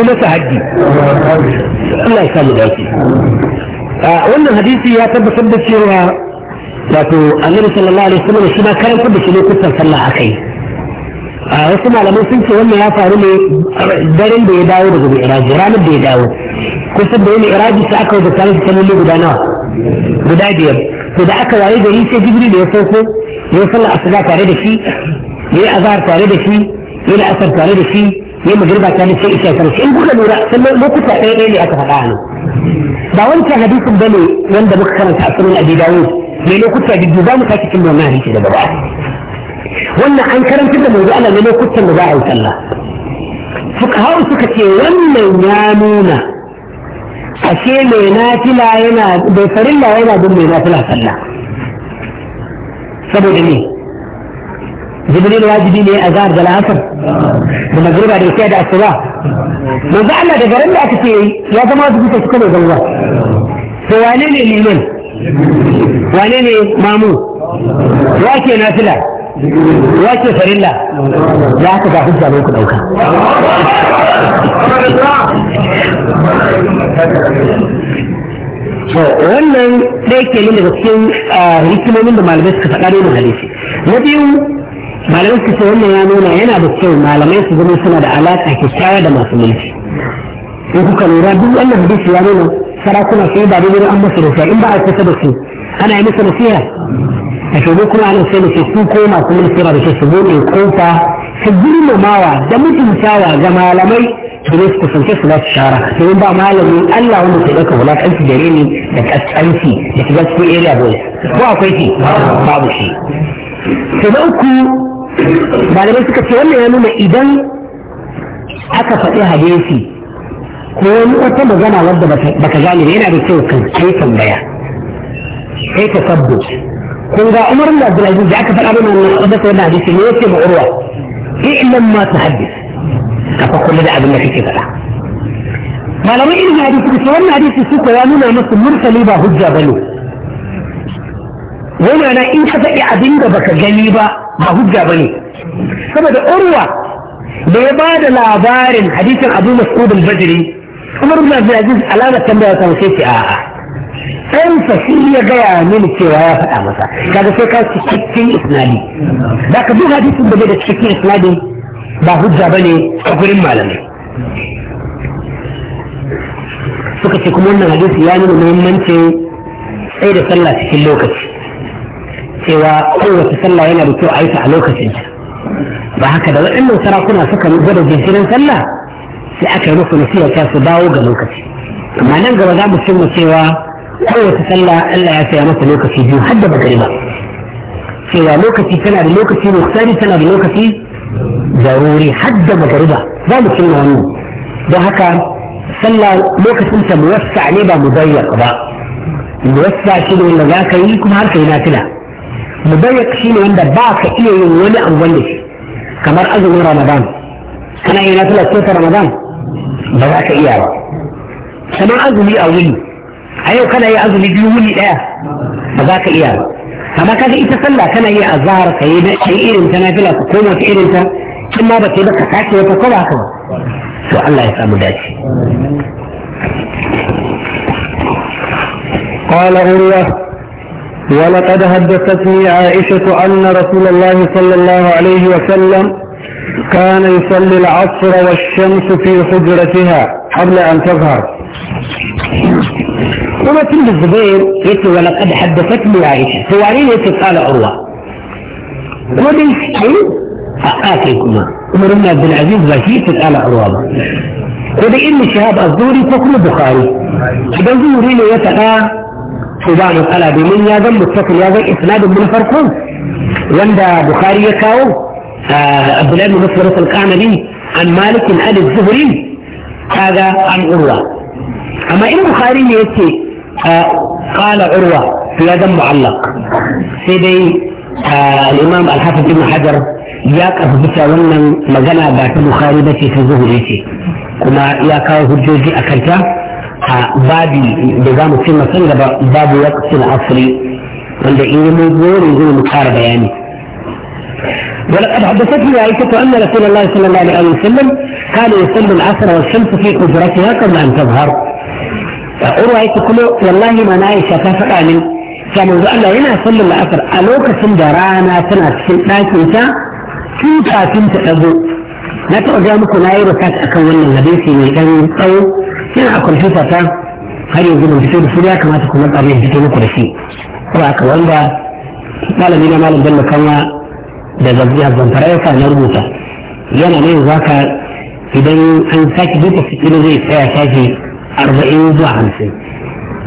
لمتى هدي الله يسلم عليك wannan hadisi ya tabbatar da cewa wato annabi sallallahu alaihi wasallam shi ma karantar da shi lokutan sallah akai a wasu malamai sun ce wannan ya faru ne daren da ya dawo daga mi'raji ranar da ya dawo kusan da ya mi'raji sai aka wuce tare da salloli guda nawa guda biyar to da aka waye gari sai jibril da ya sauko ya sallah asuba tare da shi ya yi azhar tare da shi ya yi asar tare da shi yi ne magriba ta ne sai isha ta in kuka lura sannan lokuta ɗaya ɗaya ne aka faɗa ne ba wancan hadisin ne wanda muka karanta a sunan abi dawud ne lokuta biyu za mu sake cin wannan hadisi daga baya wannan an karanta da manzo Allah ne lokutan da za a yi sallah suka hau suka ce wannan ya nuna ashe mai nafila yana bai farilla yana bin mai nafila sallah saboda ne جبريل واجبي لي أزار جل عصر بمغربة للكيادة الصلاة من ذا الله دقرم لك في يا جماعة بيسا تكلوا بالله فوانيني الإيمان وانيني مامو واكي نافلة واكي فريلا لا تبع حجة لوك الأوكا wannan da yake nuna da cikin hikimomin da malamai suka faɗa da yin halitti na biyu malamai su ce wannan ya nuna yana da kyau malamai su zama suna da alaƙa kyakkyawa da masu mulki in kuka lura duk wannan hadisi ya nuna sarakuna sai ba daidai an musu rufiya in ba a kusa da su ana yi musu rufiya a shugo kuma ana sai da su su ko masu mulki ba da su su buɗe kofa su girmamawa da mutuntawa ga malamai su su kusance su ba su shara domin ba malamin Allah wanda ke ɗauka wulaƙanci da reni da ƙasƙanci da shiga cikin area boys ko akwai shi babu shi. Sai uku malamai suka ce wannan ya nuna idan aka faɗi hadisi ko wani wata magana wadda baka gane yana da kyau kan kai tambaya kai ka sabbo kun ga umar da abdulaziz da aka faɗa mana wannan hadisi wannan hadisi ne yace ma urwa illan ma tahaddis ka fa kullu da abin da kake faɗa malamai irin hadisi suka ce wannan hadisi suka ya nuna musu mursali ba hujja bane yana na in ka faɗi abin da baka gani ba ba hujja ba ne saboda urwa da ya ba da labarin hadisin abu mas'ud al-bajri umar ibn abdul aziz alamar tambaya ta sai ce a'a ɗansa shi ya gaya mini cewa ya faɗa masa kaga sai ka cikakken isnadi da ka duk hadisin da bai da cikakken isnadi ba hujja ba ne a gurin malamai suka ce kuma wannan hadisi ya nuna muhimmancin sai da sallah cikin lokaci cewa kowace sallah yana da kyau a yi ta a lokacin ba haka da waɗannan sarakuna suka gwada jinkirin sallah sai aka yi musu nasiha ta su dawo ga lokaci amma nan gaba za mu cimma cewa kowace sallah Allah ya saya masa lokaci biyu har da bagari ba cewa lokaci tana da lokaci muktari tana da lokaci zaruri har da bagari ba za mu cimma wannan don haka sallah lokacin ta muwassa ne ba mudayyaq ba muwassa shi ne wanda za ka yi kuma har ka yi nafila mubayyak ne wanda ba ka iya yin wani abu wanda shi kamar azumin ramadan kana na nafilar tota ramadan ba za ka iya ba kamar azumi a wuni a yau kana yi azumi biyu wuni ɗaya ba za ka iya ba amma kaga ita sallah kana yi a zahar ka yi irin ta nafila ka koma ta irin ta kin ma ba ta yi ba ka sake wata ko ba haka ba to Allah ya samu dace قال عروة ولقد حدثتني عائشة أن رسول الله صلى الله عليه وسلم كان يصلي العصر والشمس في حجرتها قبل أن تظهر وما كل الزبير قلت ولقد حدثتني عائشة هو عليه يقول قال عروة ودي حقاتكما عمر بن عبد العزيز بشير قال عروة ودي إن شهاب الزوري فكر بخاري إذا زوري تبان القلب من يازم متكل يازم إسناد من فرقون وندى بخاري يكاو آه، بن مصورة القاملي عن مالك أل الزهري هذا عن عروة أما إن بخاري يأتي آه، قال عروة في هذا معلق سيدي آه، الإمام الحافظ بن حجر يا ياك أثبت ومن مغنى بعد بخاري بشي في الزهري كما يا كاو هجوجي أكلتا babi da za mu cimma kan gaba babu wanda in zai mu bayani ولقد حدثتني عائشة أن رسول الله صلى الله عليه وسلم كان يصلي العصر والشمس في حجرتها قبل أن تظهر أروى عائشة كله والله ما نعيش كافر عنه كان يقول الله هنا صلي العصر ألوك سندرانا سنة سنة سنة سنة سنة na taɓa ga muku na yi a akan wannan hadisi mai dan tsawo yana a kwamfuta ta har yanzu ban fito da su ya kamata kuma tsari ya fito muku da shi ko aka wanda malami na malam bello kanwa da zabiya zamfara ya na rubuta yana ne za ka idan an sake duka fitilo zai tsaya shafi arba'in zuwa hamsin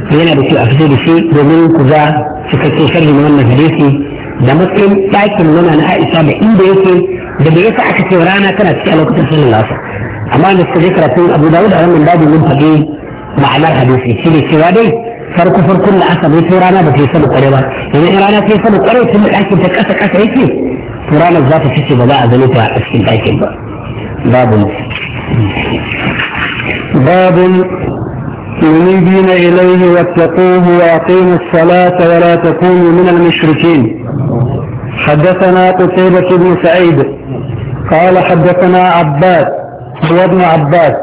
yana da kyau a fito da shi domin ku ga cikakken sharhi na wannan hadisi da matsayin ɗakin nuna na aisha da inda yake دبي يسعك في ورانا كان في الوقت الحين الاخر اما نستذكر تقول ابو داود انا من باب من فقيه معنى حديثي في سواده فرق فرق كل عصر في ورانا بس يسمى قريبا إذا ورانا في يسمى قريبا ثم الحاكم تكاسى كاسى ايكي ورانا الزات في سيبا باع ذلك اسكن باكي باب باب منيبين اليه واتقوه واقيموا الصلاه ولا تكونوا من المشركين حدثنا قتيبة بن سعيد قال حدثنا عباس هو ابن عباس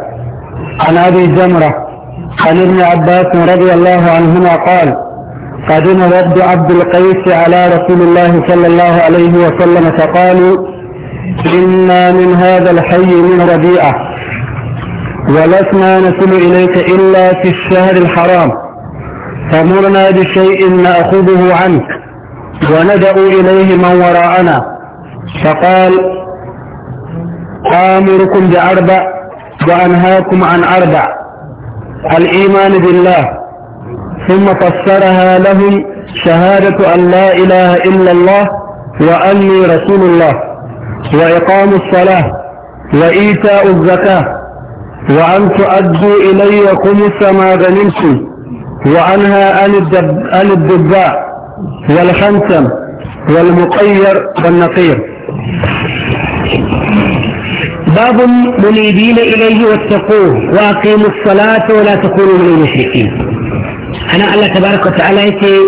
عن أبي جمرة عن ابن عباس رضي الله عنهما قال قدم وفد عبد القيس على رسول الله صلى الله عليه وسلم فقالوا إنا من هذا الحي من ربيعة ولسنا نصل إليك إلا في الشهر الحرام فمرنا بشيء نأخذه عنك وندعو إليه من وراءنا فقال آمركم بأربع وأنهاكم عن أربع الإيمان بالله ثم فسرها لهم شهادة أن لا إله إلا الله وأني رسول الله وإقام الصلاة وإيتاء الزكاة وأن تؤدوا إلي خمس ما غنمتم وأنهى أن الدباء والخنسم والمقير والنقير باب منيبين إليه واتقوه وأقيموا الصلاة ولا تكونوا من المشركين أنا الله تبارك وتعالى يتي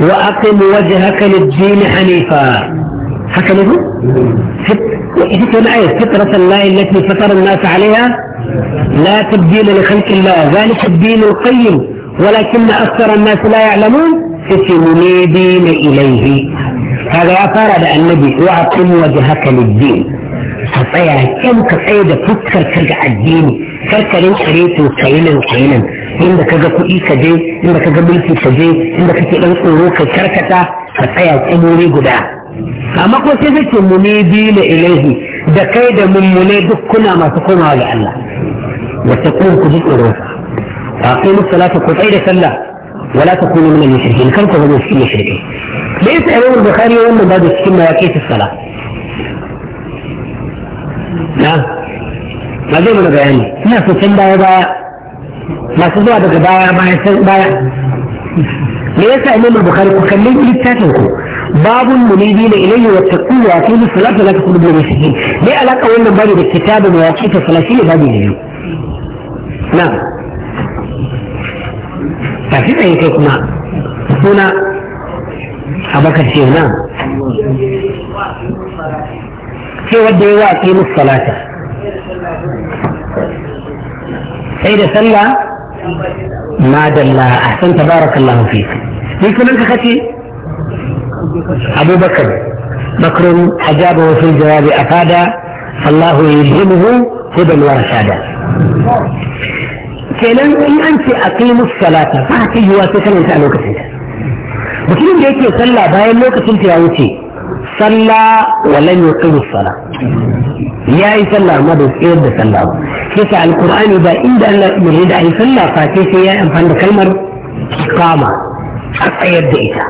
وأقم وجهك للدين حنيفا حكمه يقول معي فطرة الله التي فطر الناس عليها لا تبديل لخلق الله ذلك الدين القيم ولكن أكثر الناس لا يعلمون yace na ilaihi kaga ya fara da annabi wa waje haka lid-din ka tsaya kyan ka tsaye da fuskar ka ga addini karkarin kare to kayinan kayinan inda kaga kuɗi ka je inda kaga mulki ka je inda kake dan tsoro ka karkata ka tsaya kyan guda amma ko sai zai na ilaihi da kai da mummune duk kuna masu komawa ga Allah wata ku ji tsoro fa ku tsaye da sallah ولا تكونوا من المشركين كم كنتم من المشركين ليس امام البخاري وامه بعد السنه يا كيف الصلاه لا ما زي ما نبغي يعني ناس تسمى يبا ما تسمى بقى بايع ما يسمى بايع ليس امام البخاري وخليه لي تاتنكو باب المنيبين الي واتقوا واقيموا الصلاه ولا تكونوا من المشركين ليه علاقه وين بالكتاب وواقيت الصلاه شيء بعد نعم tafi tsaye kai kuma suna abakar ce na sai wadda ya wa musu salata sai da sallah ma dalla a san tabarakallahu fi ni sunan ka kace abubakar بكر أجابه في الجواب أفاد الله يلهمه هدى ورشادا kenan in an ce a kai musu salata ba ta yiwa sai kana ta a lokacin ta mutumin da yake sallah bayan lokacin ta ya wuce sallah walan yuqimu sala ya yi sallah amma bai tsayar da sallah ba sai ta alqur'ani ba inda Allah ya da ai sallah fa sai sai ya yi amfani da kalmar iqama a tsayar da ita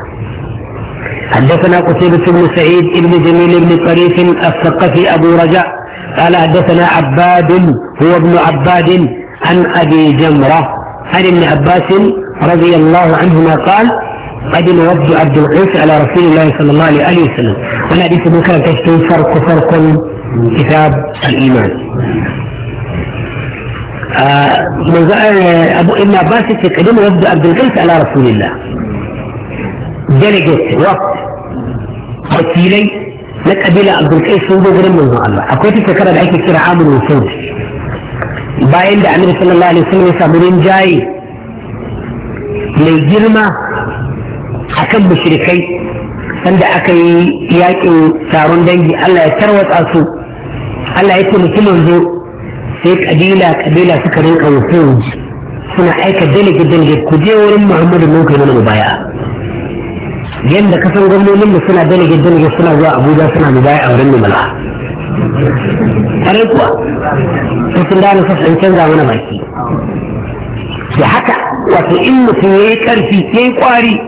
حدثنا قتيبة بن سعيد بن جميل بن طريف الثقفي أبو رجاء قال حدثنا عباد هو ابن عباد عن أبي جمرة عن ابن عباس رضي الله عنهما قال قد الوفد عبد القيس على رسول الله صلى الله عليه وسلم ولا والحديث بكرة تشتي فرق فرق كتاب الإيمان آه, آه، أبو ابن عباس قدم الوفد عبد القيس على رسول الله delegate وقت wakilai لك أبي لا عبد القيس gurin manzon الله akwai ta shekara da عامل kira bayan da annabi sallallahu alaihi wasallam ya samu rinjaye mai girma akan mushrikai sanda aka yi yakin taron dangi Allah ya tarwatsa su Allah ya ce mutumin zo sai kabila kabila suka rinka wuce suna aika dalage dalage ku je wurin Muhammadu mun kai mu baya yanda kasan gwamnonin mu suna dalage dalage suna zuwa Abuja suna mubaya a wurin mu kare kuwa to sun gane su sun canza mana baki to haka wato in mutum ya yi karfi ya yi kwari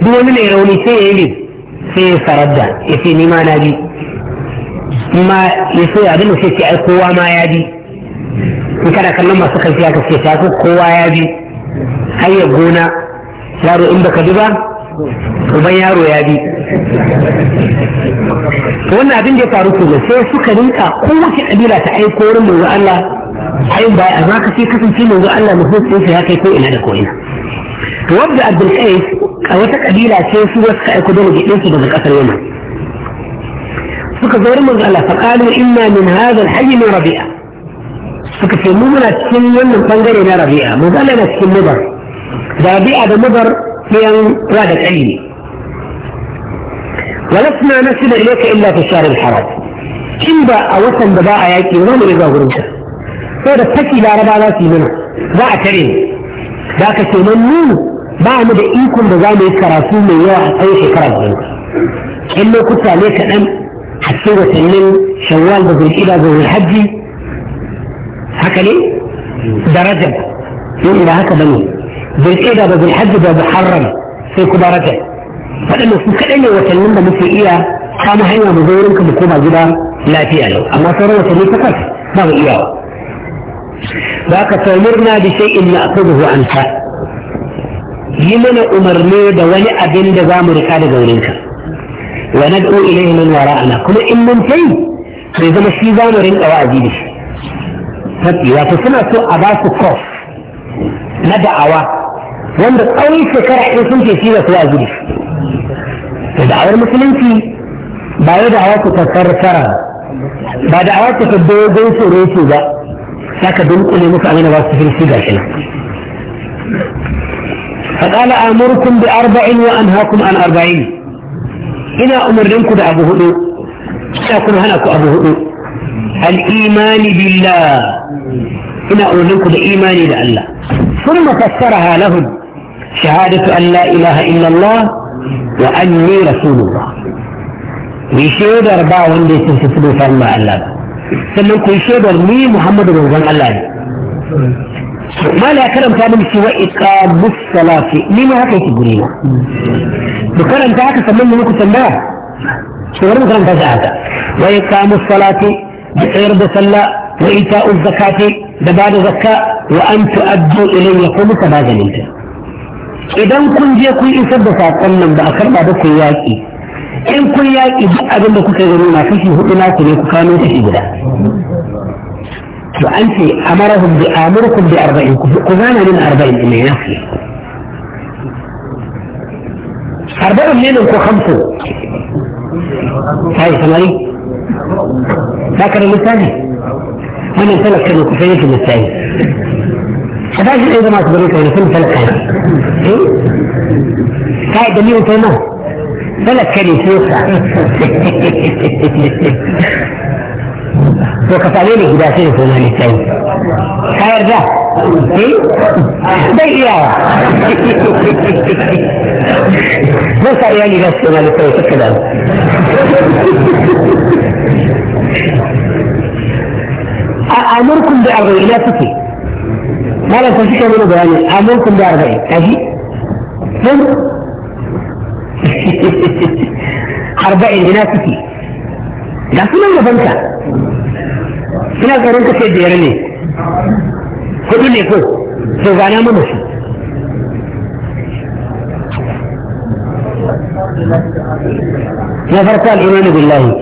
duk wani mai rauni sai ya yi sai ya da, ya ce ni ma na bi ma ya so ya da sai ce ai kowa ma ya bi in kana kallon masu karfi aka ce ta ko kowa ya bi hayya gona yaro in baka bi ba uban yaro ya bi wannan abin da ya faru kuma sai suka rinka kowace kabila ta aiko wurin manzo Allah ayin baya za ka sai kasance manzo Allah mutum ya kai ko ina da ko ina to wanda Abdul Qais a wata kabila ce su suka aiko da gidan daga kasar Yaman suka zo wurin manzo Allah fa qalu inna min hadha al-hayy min Rabi'a suka ce mu muna cikin wannan bangare na Rabi'a manzo Allah na cikin Mubar Rabi'a da Mubar ɗayan da kai ne ولسنا نسل إليك إلا في الشهر الحرام كم با أوسن بباء يأتي ونوم إذا غرنك فإذا تكي لا ربا ناسي منه باء كريم ذاك تمنون باء مدئيكم بزام الكراسي من يوح أيش إكراس منك إنه كنت عليك أن حسيت وسلم شوال بذل إلى ذو الحج هكذا درجة يقول هكذا بني ذو الحج بذل حرم في كبارته waɗanda su kaɗai ne watannin da muke iya kama hanya mu zo wurinka mu koma gida lafiya lau amma sauran watanni takwas ba mu iyawa ba ka saumurna da shay'in na akuduhu anka yi mana umarni da wani abin da za mu rika daga wurinka wa nad'u ilayhi min wara'ana kuma in mun kai bai zama shi za mu rinka wa'azi da shi tafi wato suna so a ba su kof na da'awa wanda tsawon shekara in sun ce shi ba su wa'azi da shi da da'awar musulunci ba ya da'awa ku tafar fara ba da'awa ku ta dogon tsoro ce ba ta ka dunkule muku amina ba su firsi ga shi fa qala amurkun da arba'in wa an anhaakum an arba'in ina umarninku da abu hudu ina kuma hana ku abu hudu al imani billah ina umarninku da imani da Allah kuma tafsara halahum shahadatu an la ilaha illallah وأني رسول الله yi shaidar ba wanda ya cancanci bauta in ba Allah ba sannan ما لا كلام كامل سوى إقام الصلاة لما هكا يتقولين بكرم تاعك سمين منك سماه شغل بكرم تاعك وإقام الصلاة بإرد صلاة وإيتاء الزكاة دبال زكاة وأن تؤدوا إلي يقوم تبادل إليه idan kun je kun isar da sakon nan ba a karba da kun yaƙi in kun yaƙi duk abin da kuka gani na kashi hudu na ne ku kano kashi guda to an ce amarahum bi amurkum bi arba'in ku zana min arba'in ne ya fi arba'in ne ku hamsu sai samari ba ka da misali wannan talaka ne ku sai yake misali فلازم اذا ما تبريك يعني كل فلك هاي دليل تمام فلك كلي سيوسع وكفالين قداسين في المال الثاني خير ده إيه؟ بي يا بس بس مال الثاني كده أمركم بأرض إلى فكي malam kun suka mana bayani a da arba'in kashi sun arba'in ina suke ga sunan biyar ne ne ko to gana mana na farko billahi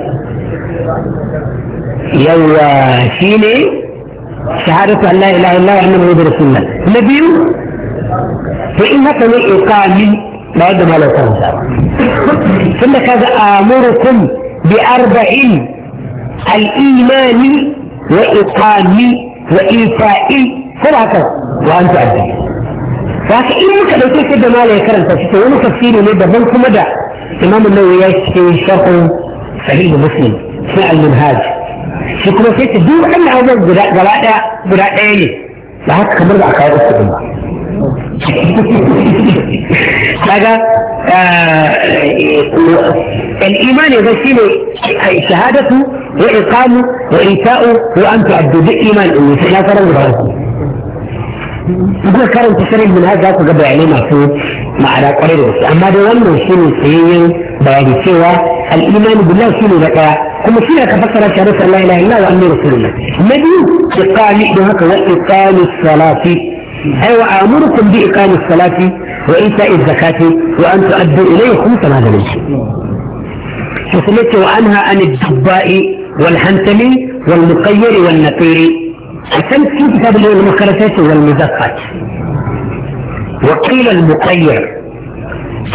shi ne شهادة أن لا إله إلا الله محمد رسول الله نبي فإنك كان إقامي لا يد ما لو ثم كذا آمركم بأربع الإيمان وإقام وإيفاء ثلاثة وأن تؤدي فهذا إنك لو تيجي ما لا يكرر تفسير ولا تفسير ولا دبل كم إمام النووي يشتري شرح صحيح مسلم فعل المنهاج shi kuma sai ta duk waɗannan abubuwan guda ɗaya guda ɗaya ne da haka kamar ba a kawo uku ɗin ba kaga الإيمان يبسيل شهادة وإقام وإيتاء وأن تعبدوا بالإيمان إني فلا فرق zai karanta shirin min haka ku ga bayanai masu ma'ana kwarai da wasu amma dai wannan shi ne tsayayyen bayani cewa al'imani billah shi ne na ɗaya kuma shi ne ka fassara shi a rasar la ilaha illa wa annu rasulullah na biyu iqami don haka wa iqami salati ai wa amurukum bi iqami salati wa ita'i zakati wa an tu'addu ilayhi khumsa ma dalil shi kuma ce wa anha an ad-dubba'i wal hantali wal muqayyir wal naqiri عشان كيف تبلغ المكرسات والمزقات وقيل المقير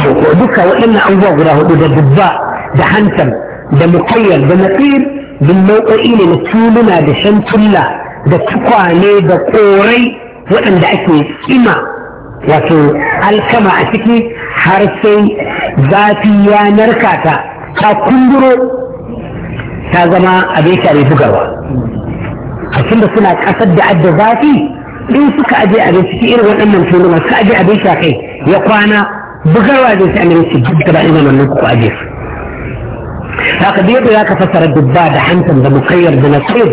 وقعدك وإن أوضره إذا ضباء دحنتم ده مقير ده نقير بالموقعين نتولنا دشنت الله ده تقعني ده قوري وإن دعكني إما وفي الكما أتكي حرسي ذاتي يا نركاتا تا كندرو تا زمان kacin da suna kasar da adda zafi in suka aje a ciki irin waɗannan turuma suka aje abin sha kai ya kwana bugarwa zai sai annabi su duk gaba ina nan ku aje su haka da yadda zaka fassara dubba da hantan da mukayyar da nasir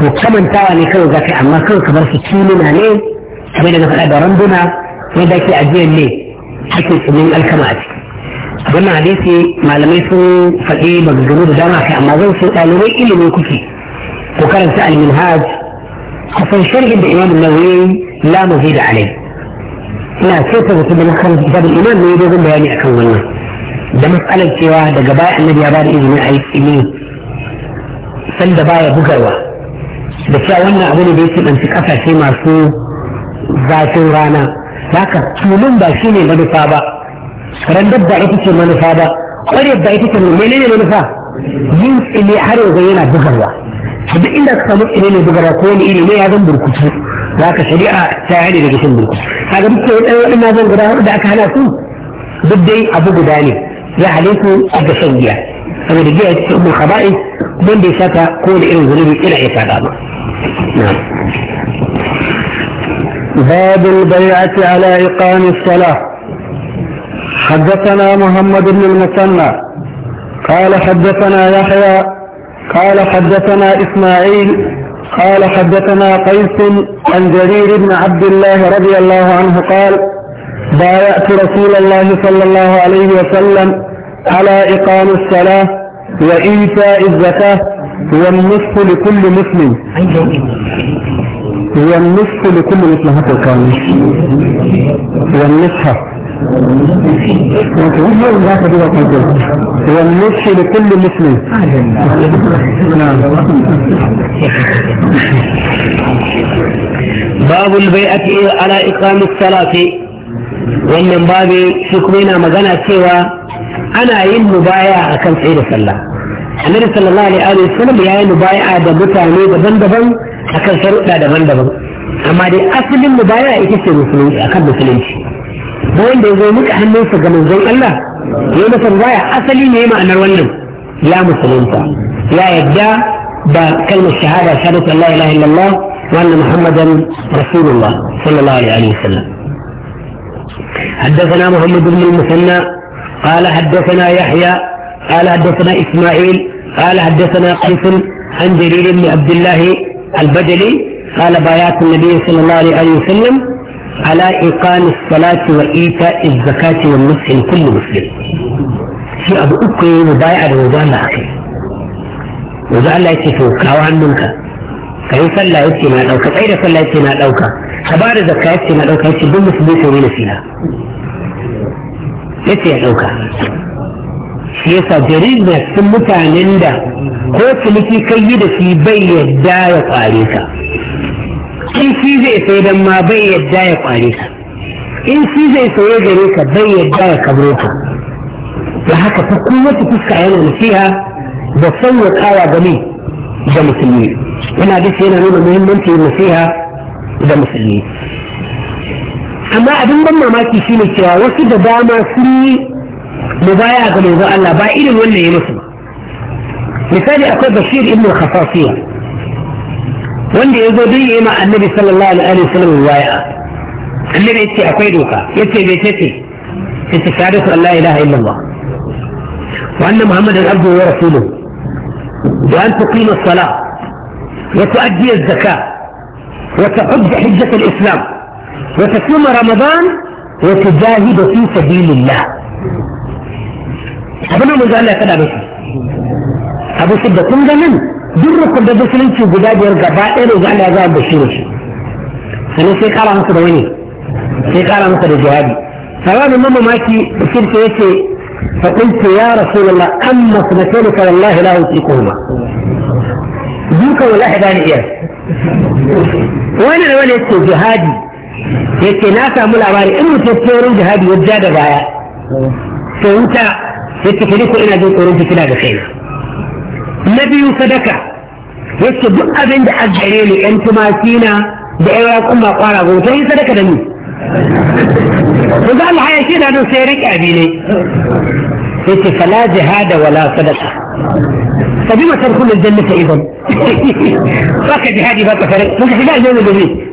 to kamantawa ne kawai zaka amma kawai kamar su tununa ne kamar da na faɗa da randuna wanda ake ajiye ne ake tsinin alkama a ciki wannan hadisi malamai sun faɗi maganganu da dama kai amma zan so ɗalibai ilimin kuke وكانت تعني المنهاج حسن شرعي بإمام النووي لا مزيد عليه لا كيف تكتب لك كتاب الإمام لا يجوز بيان أكم والله ده مسألة سوى ده قباء النبي أبار إذن أي سنين سن دبايا بقروة ده شاء وانا أبونا بيسم أن تكفى شيء مرسو ذات ورانا لك تولون باشيني لدي فابا رندب دعيتي شيء مرسابا قريب دعيتي شيء مرسابا جنس اللي حرق غينا بقروة to duk inda ka samu ilimi ne bugara ko wani ilimi ya zan burkutu za ka shari'a ta hane daga cin burkutu kaga duk sai ɗan waɗannan zan guda da aka hana su duk dai abu guda ne ya halittu a ga shan giya saboda giya ta umar kaba'i wanda ya saka kowane irin zunubi ina ya saka ba. باب البيعة على إقام الصلاة حدثنا محمد بن المثنى قال حدثنا يحيى قال حدثنا إسماعيل قال حدثنا قيس عن جرير بن عبد الله رضي الله عنه قال بايعت رسول الله صلى الله عليه وسلم على إقام الصلاة وإيتاء الزكاة والنصف لكل مسلم والنصف لكل مسلم هذا الكامل والنصف وين ذاك دوا تقول هو المشي لكل مسلم باب البيعة على الصلاة wannan babu shi kuma yana magana cewa ana yin mubaya a kan tsaye da sallah annabi sallallahu alaihi wa ya yi mubaya da mutane daban-daban a kan daban-daban amma dai asalin mubaya ita ce musulunci akan musulunci duk wanda ya zo muka hannunsa ga manzon Allah ya masa ruwaya asali ne ma'anar wannan ya musulunta ya yadda da kalmar shahada shahadatu la ilaha illallah wa anna muhammadan rasulullah sallallahu alaihi wasallam حدثنا محمد بن المثنى قال حدثنا يحيى قال حدثنا اسماعيل قال حدثنا قيس عن جرير بن عبد الله البجلي قال بايعت النبي صلى الله عليه وسلم على إقام الصلاة وإيتاء الزكاة والنصح لكل مسلم في أبو أكوي مبايع الوزارة أخي وزارة يتفوك أو عنك كيف لا يتنا أوك غير فلا يتنا أوك خبار الزكاة يتنا أوك يتبون مسلمين وين الأوكا يتنا أوك shi yasa jarir na cikin mutanen da ko ciniki kai yi da shi bai yadda ya kware ka in shi zai sai don ma bai yadda ya kware ka in shi zai soye gare ka bai yadda ya kabro ka da haka ta kowace fuska yana nasiha da sanya kawa game da musulmi yana da yana nuna muhimmanci nasiha da musulmi amma abin ban mamaki shine cewa wasu da dama sun yi mubaya ga manzon Allah ba irin wannan ya musu misali akwai Bashir ibn Khafafiyya wanda ya zo don yi ma annabi sallallahu alaihi wasallam waya annabi yace akwai doka yace bai tace yace shahada shahadatu Allah ilaha illallah wa anna muhammadan abduhu wa rasuluhu wa an tuqima as-salah wa tuaddi az-zakah wa tahujja hujjat al-islam wa tasuma ramadan wa tujahid fi sabilillah abin da manzo Allah ya kada musu abu sabda kun ga nan duk rukun da musulunci guda biyar gaba ɗaya da Allah ya zama da shi da shi sannan sai kara masa da wani sai kara masa da jawabi sababu man mamaki bashir sai yace fa qultu ya rasulullah amma sunatani fa wallahi la usiquhuma duka wallahi da ni iya wani da wani yace jihadi yace na samu labari in mutum tsoron jihadi ya ja da baya To wuta yace kiri ko ina jin tsoron fitina da kaina na biyu sadaka yace duk abin da an gare ni yan tumaki na da yawa kuma kwara go sai sadaka da ni Maza Allah ya ce na don sai rike abi ne yace fala jihada wala sadaka فبما تدخل الجنة إذا فك جهادي فك فرق ممكن تجعل الجنة بذي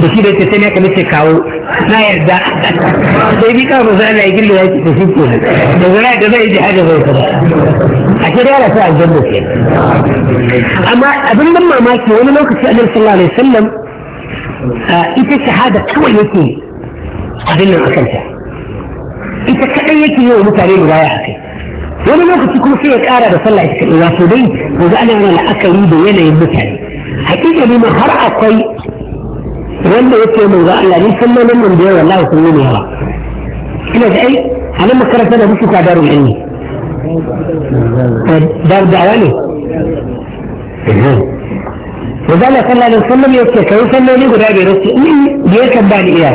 da shi da ce sai ne ka nace kawo na yarda sai bi kawo zai da igilli ya ce shi ko da zai da zai ji haka zai ka a ce da Allah sai aljanna ke amma abin nan mamaki wani lokaci Annabi sallallahu alaihi wasallam ita shahada kawai yake abin nan akan ta ita kadai yake yi wa mutane riwaya akai wani lokaci kuma sai ya kara da sallah ita kadai wato dai yanzu ana yana la'akari da yanayin mutane hakika ne har akwai wanda ya ce mun ga Allah ni sallolin mun da yawa Allah sun yi yawa ina da ai a nan makaranta da muke sadarun ilmi eh, dar da'awa ne Wanda eh. Allah sallallahu alaihi wasallam ya ce kai salloli guda biyar su in ya tambani iya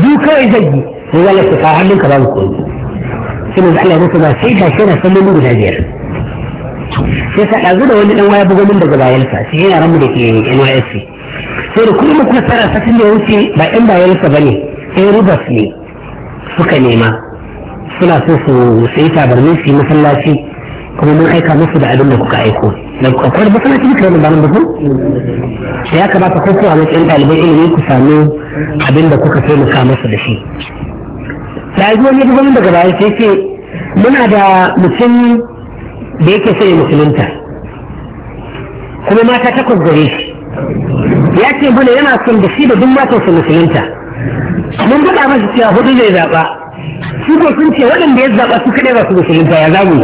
du kawai zai yi wanda Allah ka hannun ka babu koyi sai mun Allah ya ba sai ka shira salloli guda biyar sai ka dazu da wani dan waya bugo min daga bayansa sai yana ramu da ke NYSC sai da kuma muka tsara satin da wuce ba yan bayansa ba ne yan rubas ne suka nema suna so su sayi tabarmi su yi masallaci kuma mun aika musu da abin da kuka aiko da akwai da masallaci duka wani banan bakin sai ya kamata ko a matsayin ɗaliban ilimi ku sami abin da kuka taimaka masa da shi da ajiyo ne duk daga baya sai ce muna da mutum da yake sai musulunta kuma mata takwas gare shi ya ce mana yana son da shi da duk su musulunta mun faɗa masa cewa hudu zai zaɓa su ko sun ce waɗanda ya zaɓa su kaɗai ba su musulunta ya zamu